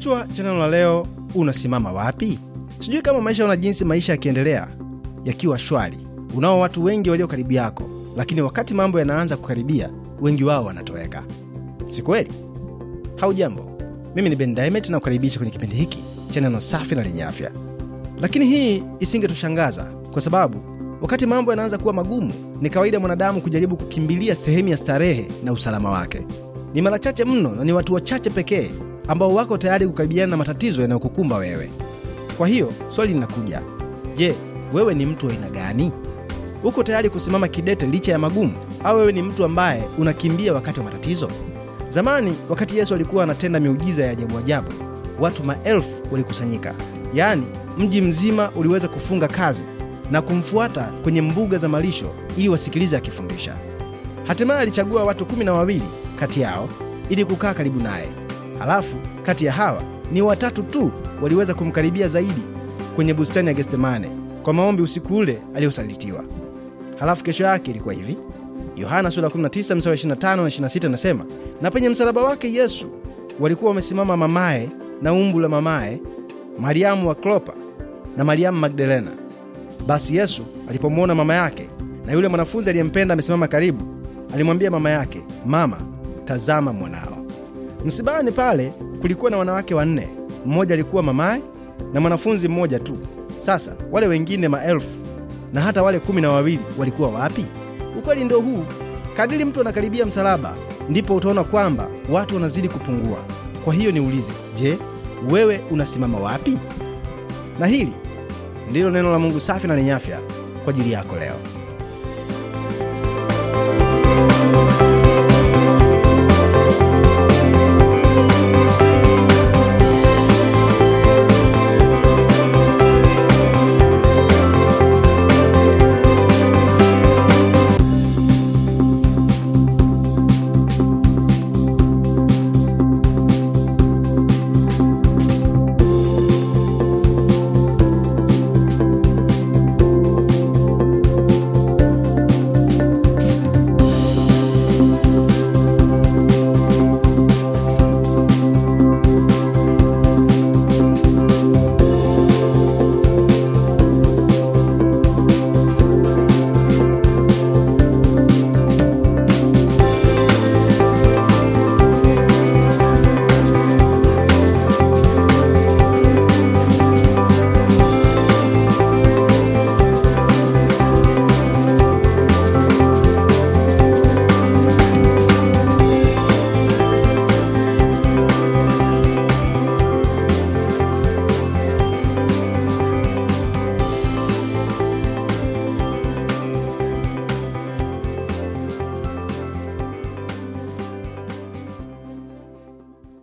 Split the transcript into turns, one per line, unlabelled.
Kichwa cha neno la leo, unasimama wapi? Sijui kama maisha una jinsi maisha yakiendelea yakiwa shwari, unao watu wengi walio karibu yako, lakini wakati mambo yanaanza kukaribia, wengi wao wanatoweka. Si kweli? hau jambo mimi ni Ben Daimet na kukaribisha kwenye kipindi hiki cha neno safi na lenye afya. Lakini hii isingetushangaza kwa sababu wakati mambo yanaanza kuwa magumu, ni kawaida mwanadamu kujaribu kukimbilia sehemu ya starehe na usalama wake. Ni mara chache mno na ni watu wachache pekee ambao wako tayari kukabiliana na matatizo yanayokukumba wewe. Kwa hiyo swali linakuja, je, wewe ni mtu wa aina gani? Uko tayari kusimama kidete licha ya magumu, au wewe ni mtu ambaye unakimbia wakati wa matatizo? Zamani wakati Yesu alikuwa anatenda miujiza ya ajabu ajabu, watu maelfu walikusanyika, yaani mji mzima uliweza kufunga kazi na kumfuata kwenye mbuga za malisho ili wasikilize akifundisha. Hatimaye alichagua watu kumi na wawili kati yao ili kukaa karibu naye Halafu kati ya hawa ni watatu tu waliweza kumkaribia zaidi kwenye bustani ya Getsemane kwa maombi usiku ule aliyosalitiwa. Halafu kesho yake ilikuwa hivi. Yohana sura 19 mstari 25 na 26 nasema, na penye msalaba wake Yesu walikuwa wamesimama mamaye na umbu la mamaye, Mariamu wa Klopa na Mariamu Magdalena. Basi Yesu alipomwona mama yake na yule mwanafunzi aliyempenda amesimama karibu, alimwambia mama yake, Mama, tazama mwanao. Msibani pale kulikuwa na wanawake wanne, mmoja alikuwa mamaye na mwanafunzi mmoja tu. Sasa wale wengine maelfu na hata wale kumi na wawili walikuwa wapi? Ukweli ndio huu, kadiri mtu anakaribia msalaba, ndipo utaona kwamba watu wanazidi kupungua. Kwa hiyo niulize, je, wewe unasimama wapi? Na hili ndilo neno la Mungu safi na lenye afya kwa ajili yako leo.